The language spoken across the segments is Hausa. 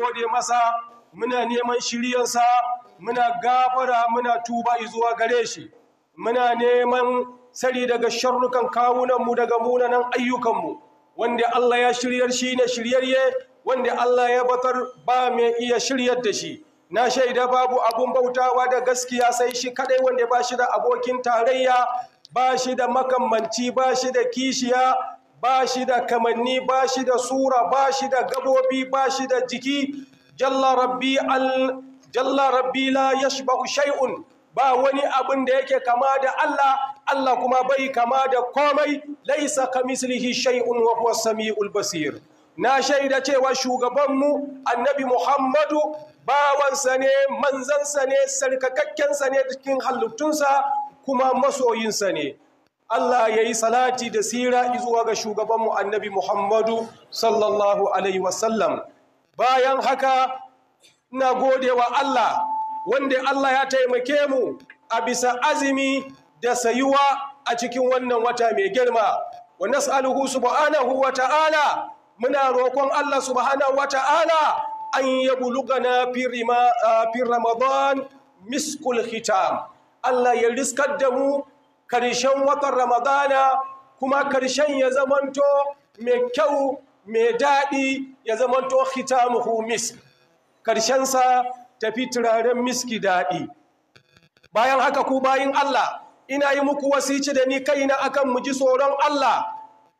gode masa muna neman shiryansa muna gafara muna tuba zuwa gare shi muna neman sari daga sharrukan kawunanmu daga munanan ayyukanmu wanda Allah ya shiryar shi ne shiryarye wanda Allah ya batar ba mai iya shiryar da shi na shaida babu abun bautawa da gaskiya sai shi kadai wanda ba shi da abokin tarayya ba shi da makamanci ba shi da kishiya ba shi da kamanni ba shi da sura ba shi da gabobi ba shi da jiki jalla rabbi al rabbi la yashba'u shay'un ba wani abin da yake kama da Allah Allah kuma bai kama da komai laisa kamislihi shay'un wa huwa samiul basir na shaida cewa shugabanmu annabi Muhammadu bawansa ne manzansa ne sarkakakkensa ne cikin halittunsa kuma masoyinsa ne Allah ya yi salati da sira zuwa ga shugabanmu annabi Muhammadu sallallahu Alaihi wasallam. Bayan haka, ina wa Allah, wanda Allah ya taimake mu a bisa azumi da sayuwa a cikin wannan wata mai girma. Wa nas'aluhu subhanahu wa ta'ala, muna roƙon Allah subhanahu wa ta'ala an yi bulugana fi Ramadan miskul hitam. Allah ya riskar da mu karshen watan ramadana kuma karshen ya zamanto mai kyau mai daɗi ya zamanto khitamuhu misk karshensa tafi turaren miski daɗi bayan haka ku bayan Allah ina yi muku wasici da ni kaina akan mu ji tsoron Allah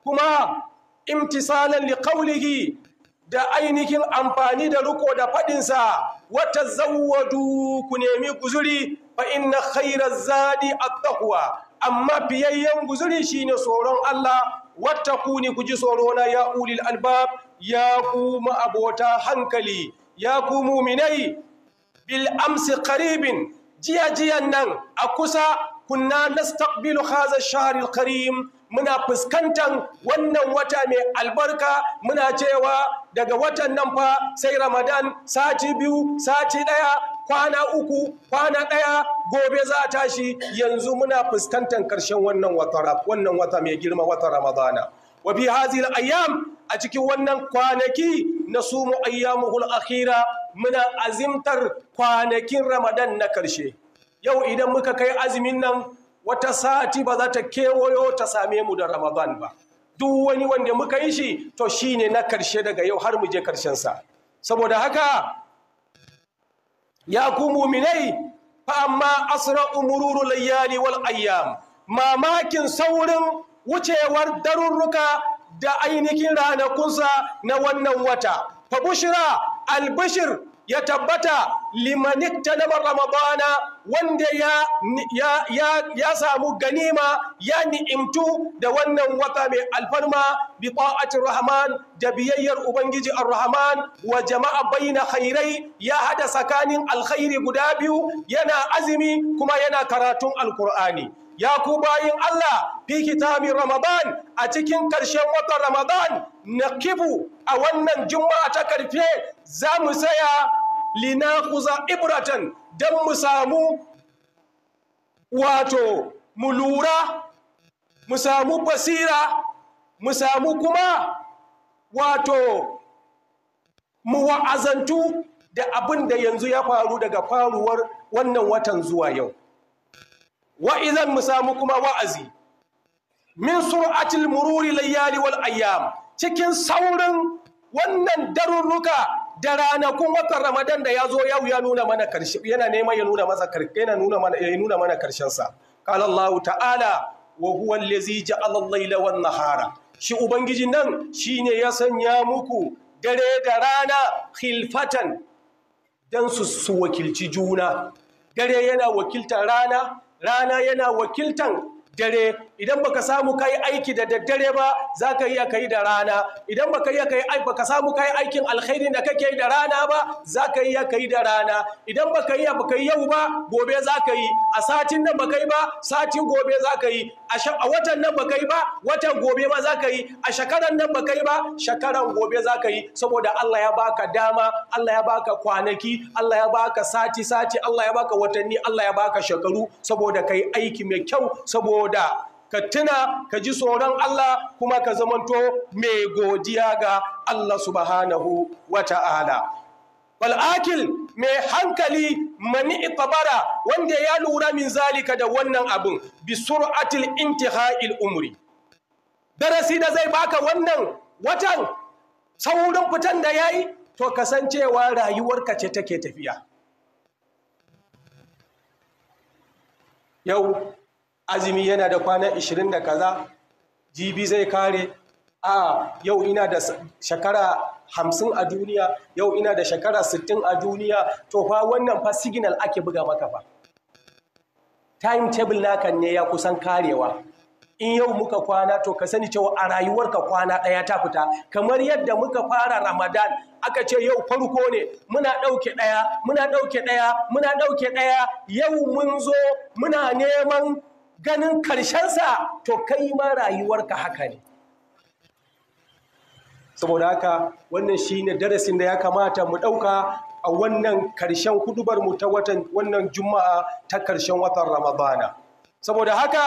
kuma imtisalan liƙaulihi da ainihin amfani da riko da faɗinsa wata zawadu ku nemi guzuri fa inna khairar zaɗi a amma fiyayyen guzuri ne tsoron Allah wata ku ne ku ji tsoro na ya ulil albab ya ku ma'abota hankali ya ku muminai bil amsi karibin jiya jiyan nan a kusa kunna nastaqbilu haza ash karim muna fuskantar wannan wata mai albarka muna cewa daga watan nan fa sai ramadan sati biyu sati daya kwana uku kwana ɗaya gobe za a tashi yanzu muna fuskantar ƙarshen wannan wata mai girma wata ramadana wa bi hazil ayyam a cikin wannan kwanaki na sumu ayyamuhul akhira muna azimtar kwanakin ramadan na ƙarshe yau idan muka kai azumin nan wata sati ba za ta kewayo ta same mu da ramadan ba duk wani wanda muka yi shi to shine na ƙarshe daga yau har mu je sa saboda haka ya ku muminai fa amma asra umururu layali wal ayyam mamakin saurin wucewar darurruka da ainihin ranakunsa na wannan wata fa bushra albishir ya tabbata limanik ta ramadana wanda ya, ya, ya, ya samu ganima ya ni'imtu da wannan wata mai alfarma bi ta'atin rahman da biyayyar ubangiji ar-rahman wa jama'a baina khairai ya hada tsakanin alkhairi guda biyu yana azumi kuma yana karatun alkur'ani ya ku bayin Allah fi kitabin Ramadan a cikin ƙarshen watan Ramadan na kibu a wannan juma'a ta karfe za mu saya za ibratan dan mu samu wato mu lura mu samu basira mu samu kuma wato mu wa'azantu da abin da yanzu ya faru daga faruwar wannan watan zuwa yau wa'izan mu samu kuma wa'azi min sur'atil mururi layali wal ayyam cikin saurin wannan darurruka da ranakun watan Ramadan da ya zo yau ya nuna mana karshe yana neman ya nuna masa karshe yana nuna mana ya nuna mana sa qala Allah ta'ala wa huwa allazi ja'ala al-layla wan nahara shi ubangiji nan shine ya sanya muku dare da rana khilfatan dan su su wakilci juna dare yana wakiltar rana rana yana wakiltan dare idan baka samu kai aiki da daddare ba za ka iya kai da rana idan baka iya kai baka samu kai aikin alkhairi da kake yi da rana ba za ka iya kai da rana idan baka iya baka yi yau ba gobe za ka yi a satin nan baka yi ba satin gobe za ka yi a watan nan baka yi ba watan gobe ma za ka yi a shekaran nan baka yi ba shekaran gobe za ka yi saboda Allah ya baka dama Allah ya baka kwanaki Allah ya baka sati sati Allah ya baka watanni Allah ya baka shekaru saboda kai aiki mai kyau saboda da ka tuna ka ji tsoron Allah kuma ka zamanto mai godiya ga Allah subhanahu wa ta'ala wal'akil mai hankali mani itabara wanda ya lura min zalika da wannan abin bi sur'atil intiha'il umri darasi da zai baka wannan watan saurin fitan da yayi to kasancewa rayuwarka ce take tafiya yau azumi yana da kwana 20 da kaza jibi zai kare a yau ina da shekara hamsin a duniya yau ina da shekara sittin a duniya to fa wannan fa signal ake buga maka fa timetable naka ne ya kusan karewa in yau muka kwana to ka sani cewa a rayuwarka kwana ɗaya ta fita kamar yadda muka fara ramadan aka ce yau farko ne muna ɗauke ɗaya muna ɗauke ɗaya muna ɗauke ɗaya yau mun zo muna neman ganin karshensa to kai ma rayuwarka haka ne saboda haka wannan shine darasin da ya kamata mu ɗauka a wannan karshen hudubar mu ta watan wannan juma'a ta karshen watan ramadana saboda haka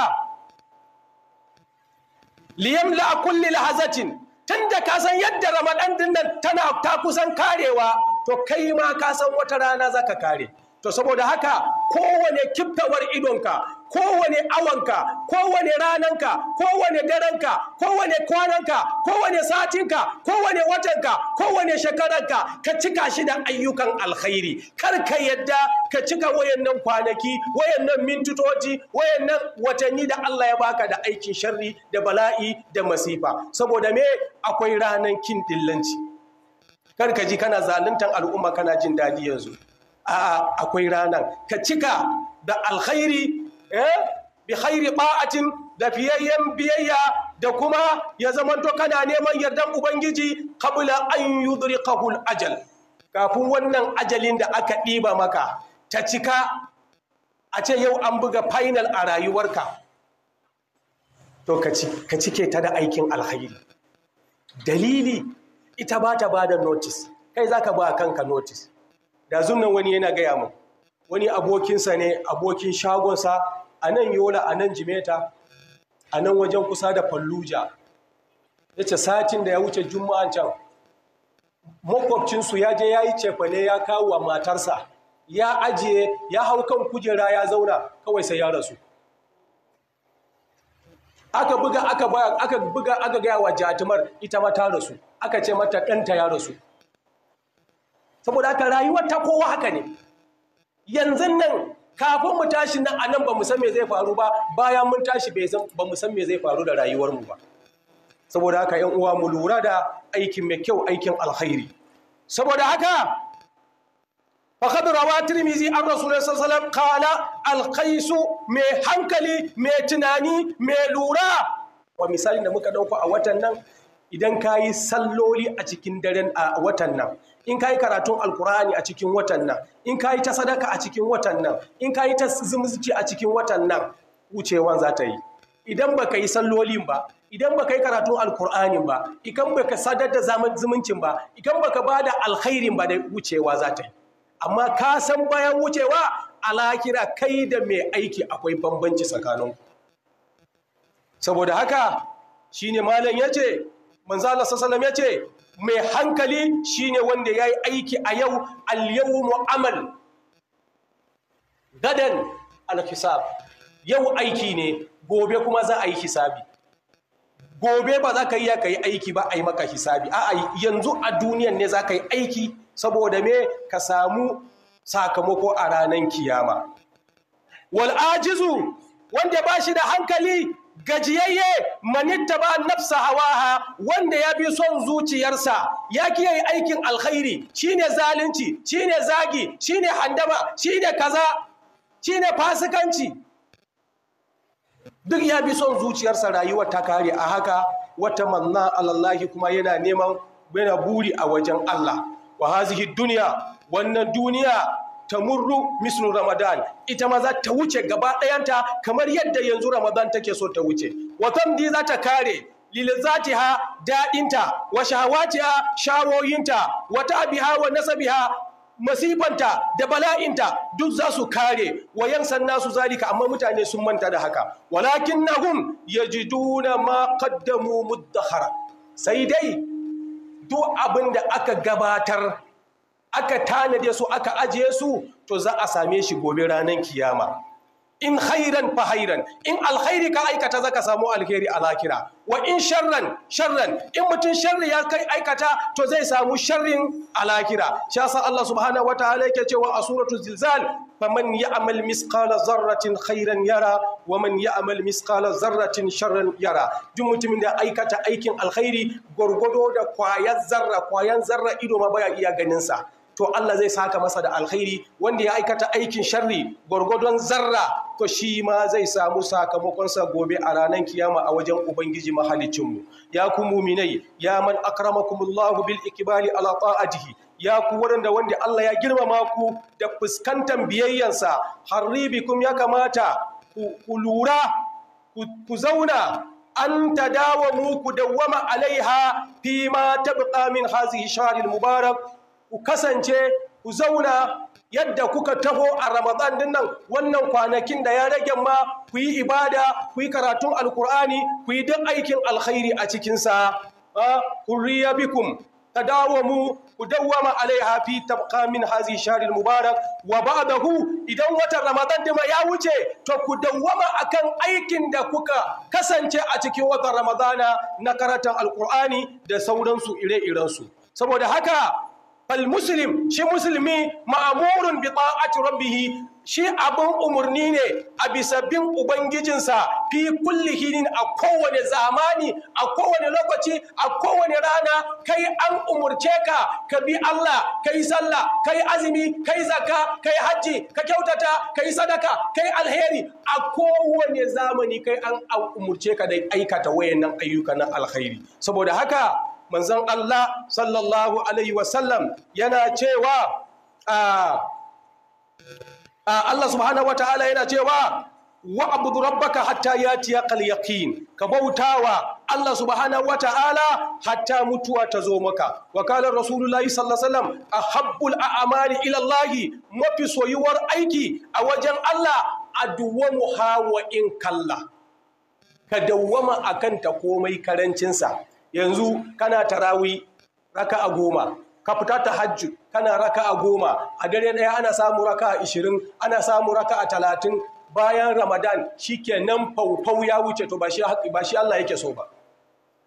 liyam la'akulli kulli lahazatin tunda ka san yadda ramadan din tana ta kusan karewa to kai ma ka san wata rana zaka kare to saboda haka kowane kiftawar idonka kowane awanka kowane rananka kowane daranka kowane kwananka kowane satinka kowane watanka kowane shekaranka ka cika shi da ayyukan alkhairi kar ka yadda ka cika wayannan kwanaki wayannan mintutoci wayannan watanni da Allah ya baka da aikin sharri da bala'i da masifa saboda me akwai ranan kin dillanci kar ka ji kana zaluntan al'umma kana jin daɗi yanzu a'a akwai ranar ka cika da alkhairi eh, bi khairi ba'atin da fiyayyen biyayya da kuma ya zamanto kana neman yardan ubangiji kabula an yudrikahu ajal kafin wannan ajalin da aka ɗiba maka ta cika a ce yau an buga final a rayuwarka to ka cike ta da aikin alkhairi. dalili ita ba ta ba da notice kai za ka ba kanka notis? da nan wani yana gaya mu wani abokinsa ne abokin shagonsa a nan yola a nan jimeta a nan wajen kusa da falluja ya ce satin da ya wuce juma'an can makwabcinsu ya je ya yi cefane ya kawo wa matarsa ya ajiye ya hau kan kujera ya zauna kawai sai ya rasu aka buga aka buga aka gaya wa jatumar ita mata ta rasu aka ce mata ɗanta ya rasu saboda haka rayuwar ta kowa haka ne yanzu nan kafin mu tashi nan a nan ba mu san me zai faru ba bayan mun tashi ba mu san me zai faru da rayuwar mu ba saboda haka ‘yan uwa mu lura da aikin mai kyau aikin alkhairi saboda haka khad rawa tirmizi an alaihi wasallam kala alkhaisu mai hankali mai tunani mai lura wa misalin da muka ɗauka a watan nan idan kayi salloli a cikin daren a watan nan in ka yi karatun alkur'ani a cikin watan nan in yi ta sadaka a cikin watan nan in yi ta zumunci a cikin watan nan wucewan za ta yi idan baka yi sallolin ba idan baka yi karatun alkur'anin ba idan baka sadar da zumuncin ba idan baka da alkhairin ba da wucewa za ta yi amma ka san bayan wucewa alakira kai da mai aiki akwai bambanci tsakanin saboda haka shine malam yace manzo Allah sallallahu alaihi wasallam yace mai hankali shine wanda ya yi aiki a yau alyawu amal gadan alhisab yau aiki ne gobe kuma za a yi hisabi gobe ba za ka iya ka yi aiki ba a yi maka hisabi a yanzu a duniyan ne za ka yi aiki saboda me ka samu sakamako a ranar kiyama wal'ajizu wanda ba shi da hankali gajiyayye manitta ba nafsa hawaha wanda ya bi son zuciyarsa ya kiyaye aikin alkhairi shine zalunci shine zagi shine handama shine kaza shine fasikanci duk ya bi son zuciyarsa rayuwar ta kare a haka wata manna alallahi kuma yana neman yana buri a wajen Allah wa hazihi duniya wannan duniya Ta murru, mislu ramadan ita ma za ta wuce gaba ɗayanta kamar yadda yanzu ramadan take so ta wuce watan di za ta kare lilzatiha daɗinta wa shahawatiha shawoyinta wa ta'biha wa nasabiha masifanta da bala'inta duk za su kare wa yansan su zalika amma mutane sun manta da haka walakin nahum yajiduna ma qaddamu muddahara sai dai duk abin da aka gabatar aka tanade su aka ajiye su to za a same shi gobe ranar kiyama in hairan fa hairan in alkhairi ka aikata zaka samu alkhairi a lakira wa in sharran sharran in mutum sharri ya kai aikata to zai samu sharrin a lakira shi yasa Allah subhanahu wataala yake cewa a suratul zilzal faman ya'mal misqala zarratin khairan yara wa man ya'mal misqala zarratin sharran yara duk mutumin da aikata aikin alkhairi gwargwado da kwayan zarra kwayan zarra ido ma baya iya ganin sa to Allah zai saka masa da alkhairi wanda ya aikata aikin sharri gwargwadon zarra to shi ma zai samu sakamakonsa gobe a ranar kiyama a wajen ubangiji mahalicinmu ya ku muminai ya man akramakumullahu bil ikbali ala ta'atihi ya ku waɗanda wanda Allah ya girmama ku da fuskantar biyayyansa harribikum ya kamata ku lura ku zauna an tadawamu ku dawwama alaiha fi ma tabqa min hazihi shahril mubarak ku kasance ku zauna yadda kuka taho a Ramadan din nan wannan kwanakin da ya rage ma ku yi ibada ku yi karatun alkur'ani ku yi duk aikin alkhairi a cikin sa ta dawo mu, ku dawwama alaiha fi tabqa min hazi sharil mubarak wa ba'dahu idan watan Ramadan din ya wuce to ku dawwama akan aikin da kuka kasance a cikin watan Ramadana na karatun alkur'ani da sauransu ire-irensu saboda haka فالمسلم شي مسلمي مأمور بطاعة ربه shi abin umarni ne a bisa bin ubangijinsa fi kulli hinin a kowane zamani a kowane lokaci a kowane rana kai an umurce ka ka bi Allah kai sallah kai azumi kai zaka kai hajji ka kyautata kai sadaka kai alheri a kowane zamani kai an umurce ka da aikata wayannan ayyuka na saboda haka manzon Allah sallallahu alaihi wasallam yana cewa a Allah subhanahu ta'ala yana cewa wa abudu rabbaka hatta yati yaqal yaqin ka bautawa Allah subhanahu ta'ala hatta mutuwa ta zo maka wa qala rasulullahi sallallahu alaihi wasallam ahabbul a'mali ila Allah mafi soyuwar aiki a wajen Allah adwamu hawa in kalla ka dawwama akan ta komai karancinsa yanzu kana tarawi raka a goma ka fita ta hajji kana raka a goma a dare ɗaya ana samu raka a ishirin ana samu raka a talatin bayan ramadan shi ke nan faufau ya wuce to ba shi Allah yake so ba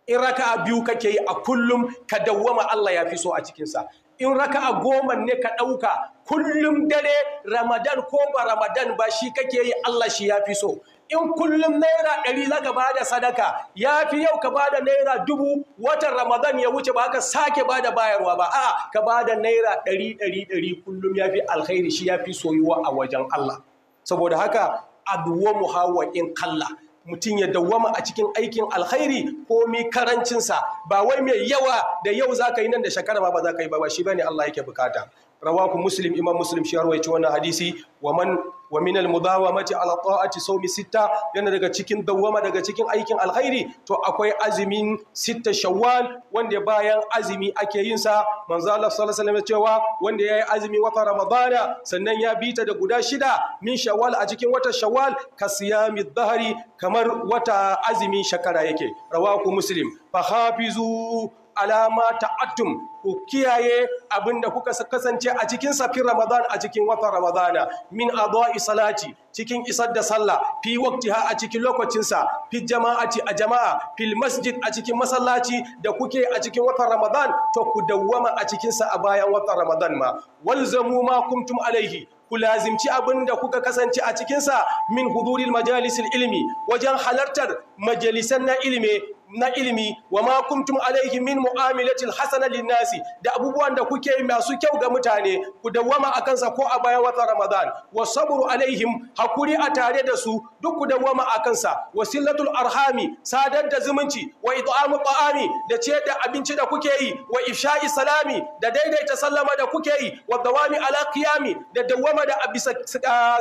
in raka a biyu kake yi a kullum ka dawwama Allah ya fi so a cikinsa in raka a goma ne ka ɗauka kullum dare ramadan ko ba ramadan ba shi kake yi Allah shi ya fi so in kullum naira ɗari za ka da sadaka ya fi yau ka bada naira dubu watan ramadan ya wuce ba ka sake bada bayarwa ba a ka bada naira ɗari ɗari ɗari kullum ya fi alkhairi shi ya fi soyuwa a wajen Allah saboda haka aduwamu muhawa in kalla mutum ya dawwama a cikin aikin alkhairi ko mi karancinsa ba wai mai yawa da yau za ka yi nan da shekara ba ba za ka yi ba ba shi Allah yake bukata rawaku muslim imam muslim shi yarwaye wannan hadisi wa man wa min al mudawamati ala ta'ati sawmi sitta yana daga cikin dawama daga cikin aikin alkhairi to akwai azumin sitta shawwal wanda bayan azumi ake yin sa manzo Allah sallallahu alaihi wasallam cewa wanda yayi azumi wata ramadana sannan ya bita da guda shida min shawwal a cikin wata shawwal ka siyami dhahri kamar wata azumin shakara yake rawaku muslim fa hafizu alama ta'attum ku kiyaye abinda kuka kasance a cikin safin Ramadan a cikin watan Ramadana min adwa'i salati cikin isar da sallah fi waqtiha a cikin lokacinsa fi jama'ati a jama'a fil masjid a cikin masallaci da kuke a cikin watan Ramadan to ku dawwama a cikin sa a bayan watan Ramadan ma walzamu ma kuntum alaihi ku lazimci abin da kuka kasance a cikinsa min huduril majalisil ilmi wajen halartar majalisan na ilimi na ilimi wa ma kuntum alaihi min mu'amilatil hasana linnasi da abubuwan da kuke masu kyau ga mutane ku dawwama a kansa ko a bayan watan Ramadan wa sabru alaihim hakuri a tare da su duk ku dawwama a kansa wa sillatul arhami sadar da zumunci wa id'amu ta'ami da da abinci da kuke yi wa ifsha'i salami da daidaita sallama da kuke yi wa dawami ala qiyami da dawwama da abisa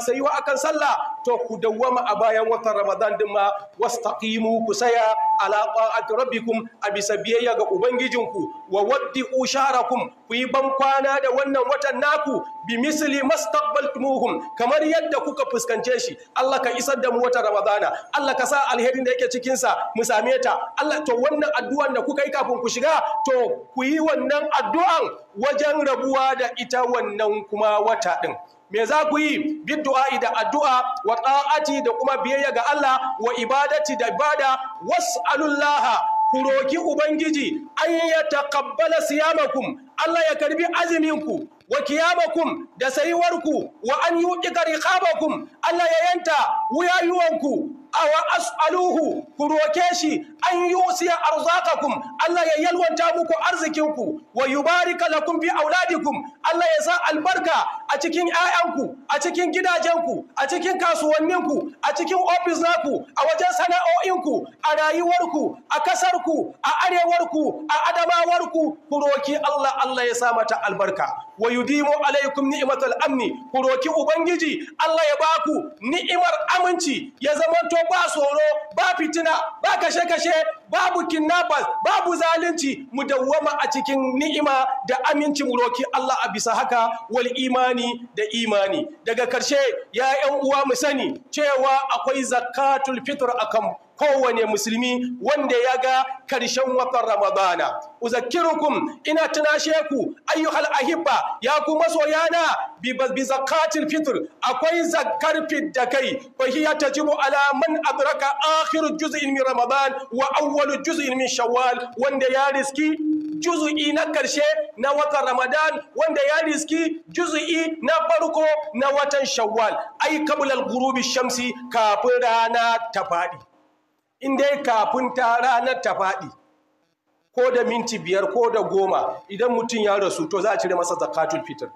sayuwa akan sallah to ku dawwama a bayan watan Ramadan din ma wastaqimu ku saya ala ta'ati rabbikum a bisa biyayya ga ubangijinku wa waddi usharakum ku yi ban kwana da wannan watan naku bi misli mastaqbaltumuhum kamar yadda kuka fuskance shi Allah ka isar da mu wata Ramadana Allah ka sa alherin da yake cikin sa mu same ta Allah to wannan addu'an da kuka yi kafin ku shiga to ku yi wannan addu'an wajen rabuwa da ita wannan kuma wata din me za ku yi biddu'a da addu'a wa ta'ati da kuma biyayya ga Allah wa ibadati da ibada was'alullaha ku roki ubangiji an ya taqabbala siyamakum Allah ya karbi azuminku wa kiyamakum da sayuwarku wa an yuqi riqabakum Allah ya yanta wuyayuwanku aw as'aluhu ku roke shi an yusiya arzakakum Allah ya yalwanta muku arzikinku wa yubarika lakum fi auladikum Allah ya sa albarka a cikin ƴaƴanku a cikin gidajenku a cikin kasuwanninku a cikin office naku a wajen sana'o'inku a rayuwarku a kasarku a arewarku a adamawarku ku roki Allah Allah ya sa mata albarka wa yudimu alaikum ni'matal amni ku roki ubangiji Allah ya baku ni'imar aminci ya zamanto ba tsoro ba fitina ba kashe kashe babu kidnappers babu zalunci mu dawwama a cikin ni'ima da aminci mu roki Allah a bisa haka wal imani da imani daga karshe ya ƴan uwa mu sani cewa akwai zakatul fitr akan kowane musulmi wanda ya ga karshen watan ramadana uzakirukum ina tunashe ku ayyuhal ahibba ya kuma masoyana bi zakatil fitr akwai zakkar fidda kai fa hiya tajibu ala man adraka akhir juz'in min ramadan wa awwal juz'in min shawwal wanda ya riski juz'i na karshe na watan ramadan wanda ya riski juz'i na farko na watan shawwal ai qabla al-ghurubi shamsi kafin rana ta faɗi in dai kafin ta ranar ta faɗi ko da minti biyar ko da goma idan mutum ya rasu to za a cire masa zakatul fitr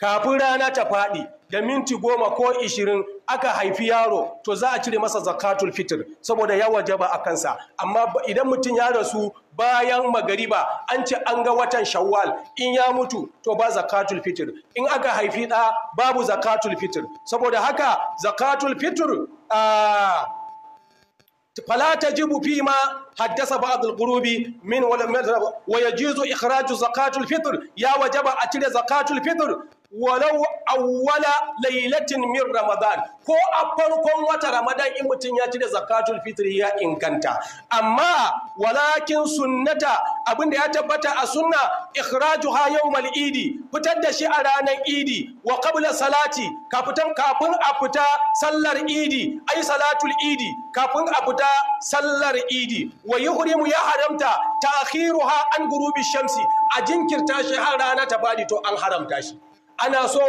kafin rana ta faɗi da minti goma ko ishirin aka haifi yaro to za a cire masa zakatul fitr saboda ya ba a kansa amma idan mutum ya rasu bayan magariba an ce an ga watan shawwal in ya mutu to ba zakatul fitr in aka haifi ɗa babu zakatul fitr saboda haka zakatul fitr a ah, فلا تجب فيما حدث بعض القلوب من ولم ويجوز إخراج زكاة الفطر يا وجب أتل زكاة الفطر walau awwala lailatin min ramadan ko a farkon wata ramadan in mutum ya ci da zakatul fitri ya inganta amma walakin sunnata abinda ya tabbata a sunna ikhrajuha yawmal idi fitar da shi a ranar idi wa qabla salati kafitan kafin a fita sallar idi ai salatul idi kafin a fita sallar idi wa yuhrimu ya haramta ta'khiruha an gurubi shamsi a jinkirta shi har rana ta fadi to an haramta shi ana so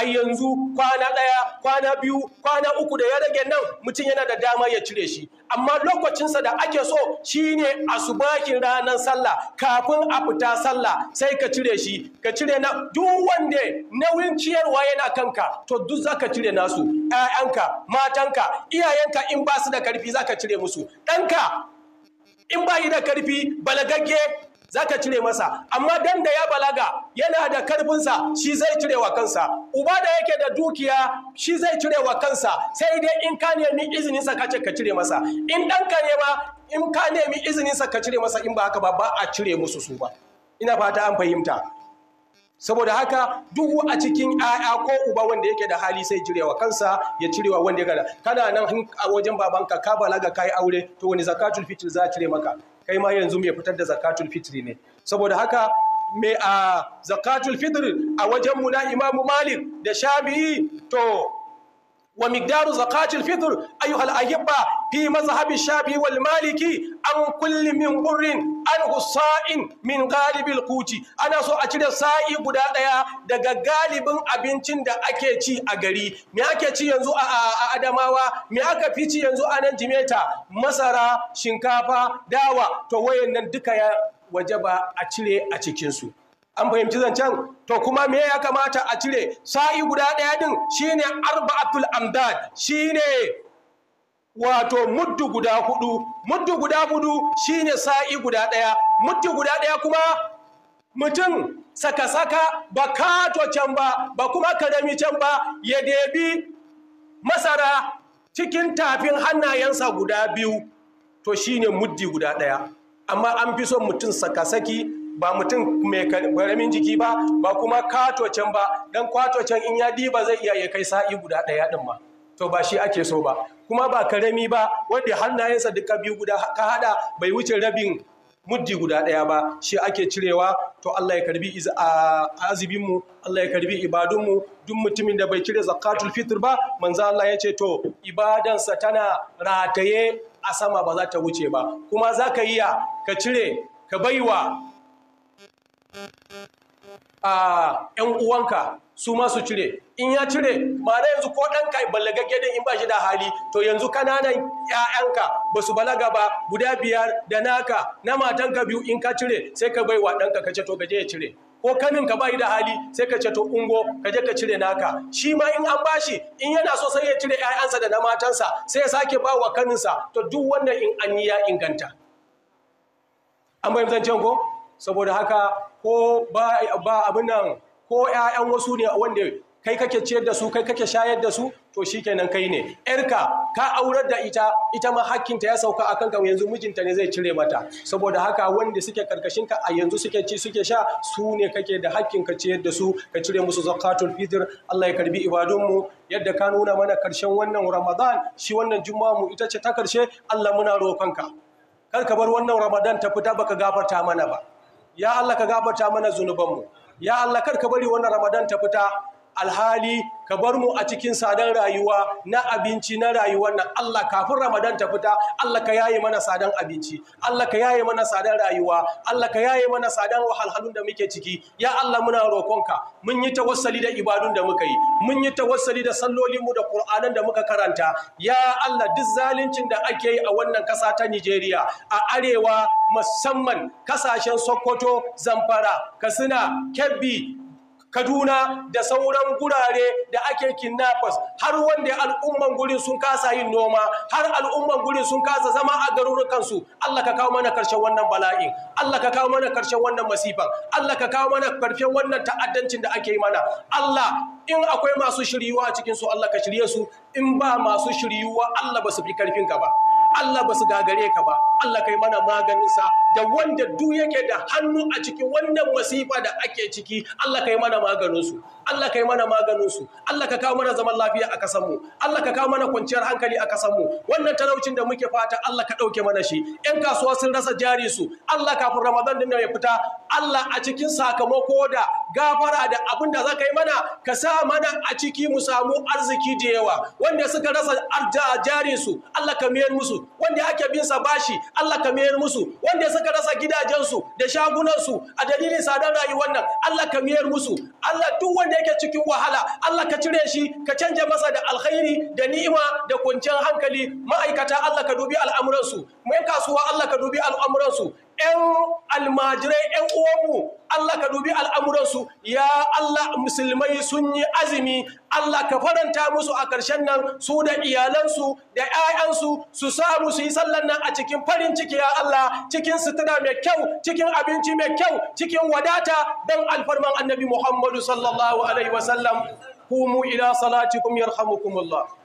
a yanzu kwana ɗaya kwana biyu kwana uku da ya rage nan mutum yana da dama ya cire shi amma lokacinsa da ake so shine asubakin ranar sallah kafin a fita sallah sai ka cire shi ka cire na duk wanda nauyin ciyarwa yana kanka to duk za ka cire nasu Ya'yanka, matanka iyayenka in ba su da karfi ka cire musu ɗanka in ba yi da karfi balagagge zaka cire masa amma dan da ya balaga yana da karfinsa shi zai cire wa kansa uba da yake da dukiya shi zai cire wa kansa sai dai in ka nemi izinin sa kace ka cire masa in ɗanka ne ma in ka nemi izinin sa ka cire masa in ba haka ba ba a cire musu su ba ina fata an fahimta saboda haka duk a cikin ‘ya'ya ko uba wanda yake da hali sai jire wa kansa ya cire wa wanda ya gada kana nan a wajen babanka ka balaga ka yi aure to wani zakatul fitr za a cire maka kai ma yanzu mai fitar da zakatul fitri ne saboda haka me a zakatul fitri a wajen mu na imamu Malik da shabi'i to wa miqdaru zakatil fitr ayyuhal ahibba fi mazhabi shafi wal maliki an kulli min qurrin an husa'in min galibil Kuti. ana so a cire sa'i guda ɗaya daga galibin abincin da ake ci a gari me ake ci yanzu a Adamawa me aka fi ci yanzu a nan Jimeta masara shinkafa dawa to wayannan duka ya waje ba a cire a cikinsu. an fahimci zancen to kuma me ya kamata a cire sa'i guda ɗaya din shine arba'atul amdad shine wato muddu guda hudu muddu guda hudu shine sa'i guda ɗaya muddu guda ɗaya kuma mutum saka-saka ba kato can ba ba kuma karami can ba ya debi masara cikin tafin hannayensa guda biyu to shine muddi guda ɗaya amma an fi son mutum saka-saki ba mutum mai karamin jiki ba ba kuma katocen ba dan kwatocen in ya diba zai iya ya kai sa'i guda ɗaya din ma to ba shi ake so ba kuma ba karami ba wanda hannayensa duka biyu guda ka hada bai wuce rabin muddi guda ɗaya ba shi ake cirewa to Allah ya karbi azibinmu Allah ya karbi ibadunmu duk mutumin da bai cire zakatul fitr ba manzo Allah ya ce to ibadansa tana rataye a sama ba za ta wuce ba kuma za ka iya ka cire ka baiwa a ‘yan uwanka su ma su cire in ya cire da yanzu ko ɗanka ballagagge din in ba shi da hali to yanzu kananan ‘ya'yanka ba su balaga ba guda biyar da naka na matanka biyu in ka cire sai ka bai wa ɗanka ka ce to gaje ya cire ko kanin ka bai da hali sai ka ce to ungo ka je ka cire naka shi ma in an bashi in yana so sai ya cire ‘ya'yansa da na matansa sai ya sake ba wa kaninsa to duk wannan in an yi ya inganta an bayan zancen ko saboda haka ko ba abin nan ko 'ya'yan wasu ne wanda kai kake ciyar da su kai kake shayar da su to shi kenan kai ne yarka ka aurar da ita ita ma hakkinta ya sauka a ka yanzu mijinta ne zai cire mata saboda haka wanda suke karkashin ka a yanzu suke ci suke sha su ne kake da hakkin ka ciyar da su ka cire musu zakatul fitr Allah ya karbi ibadun mu yadda ka nuna mana karshen wannan Ramadan shi wannan juma'a mu ita ce ta karshe Allah muna roƙonka kar ka bar wannan Ramadan ta fita baka gafarta mana ba ya Allah ka gafarta mana zunubanmu ya Allah kar ka bari wannan Ramadan ta fita alhali ka bar mu a cikin sadan rayuwa na abinci na rayuwar nan Allah kafin Ramadan ta fita Allah ka yaye mana sadan abinci Allah ka yaye mana sadan rayuwa Allah ka yaye mana sadan wahalhalun da muke ciki ya Allah muna roƙonka mun yi tawassali da ibadun da muka yi mun yi tawassali da sallolin mu da Qur'anan da muka karanta ya Allah duk zaluncin da ake yi a wannan ƙasa ta Nigeria a arewa musamman kasashen sokoto zamfara katsina kebbi kaduna da sauran gurare da ake kidnappers har wanda al'umman gurin sun kasa yin noma har al'umman gurin sun kasa zama a garurukansu Allah ka kawo mana karshen wannan bala'in Allah ka kawo mana karshen wannan masifan Allah ka kawo mana karfin wannan ta'addancin da ake yi mana Allah in akwai masu shiryuwa a cikin su Allah ka shirye su in ba masu shiryuwa Allah ba su fi karfin ka ba Allah ba su gagare ka ba Allah kai mana maganinsa da wanda duk yake da hannu a cikin wannan masifa da ake ciki Allah kai mana maganinsu Allah ka yi mana maganinsu Allah ka kawo mana zaman lafiya a kasanmu Allah ka kawo mana kwanciyar hankali a kasanmu wannan talaucin da muke fata Allah ka ɗauke mana shi ‘yan kasuwa sun rasa jari su Allah kafin Ramadan din ya fita Allah a cikin sakamako da gafara da abin da za ka yi mana ka sa mana a ciki mu samu arziki da yawa wanda suka rasa jari su Allah ka mayar musu wanda ake bin sa bashi Allah ka mayar musu wanda suka rasa sa gidajensu da shagunansu a dalilin tsadar rayuwar nan Allah ka miyar musu Allah duk wanda yake cikin wahala Allah ka cire shi ka canja masa da alkhairi da ni'ima da kwanciyar hankali ma'aikata Allah ka dubi al'amuransu mai kasuwa Allah ka dubi al'amuransu 'yan almajirai 'yan uwanmu Allah ka dubi al'amuransu ya Allah musulmai sun yi azumi Allah ka faranta musu a ƙarshen nan su da iyalansu da 'ya'yansu su samu su yi sallan nan a cikin farin ciki ya Allah cikin sutura mai kyau cikin abinci mai kyau cikin wadata don alfarman annabi Muhammadu sallallahu alaihi wasallam kumu ila salatikum yarhamukumullah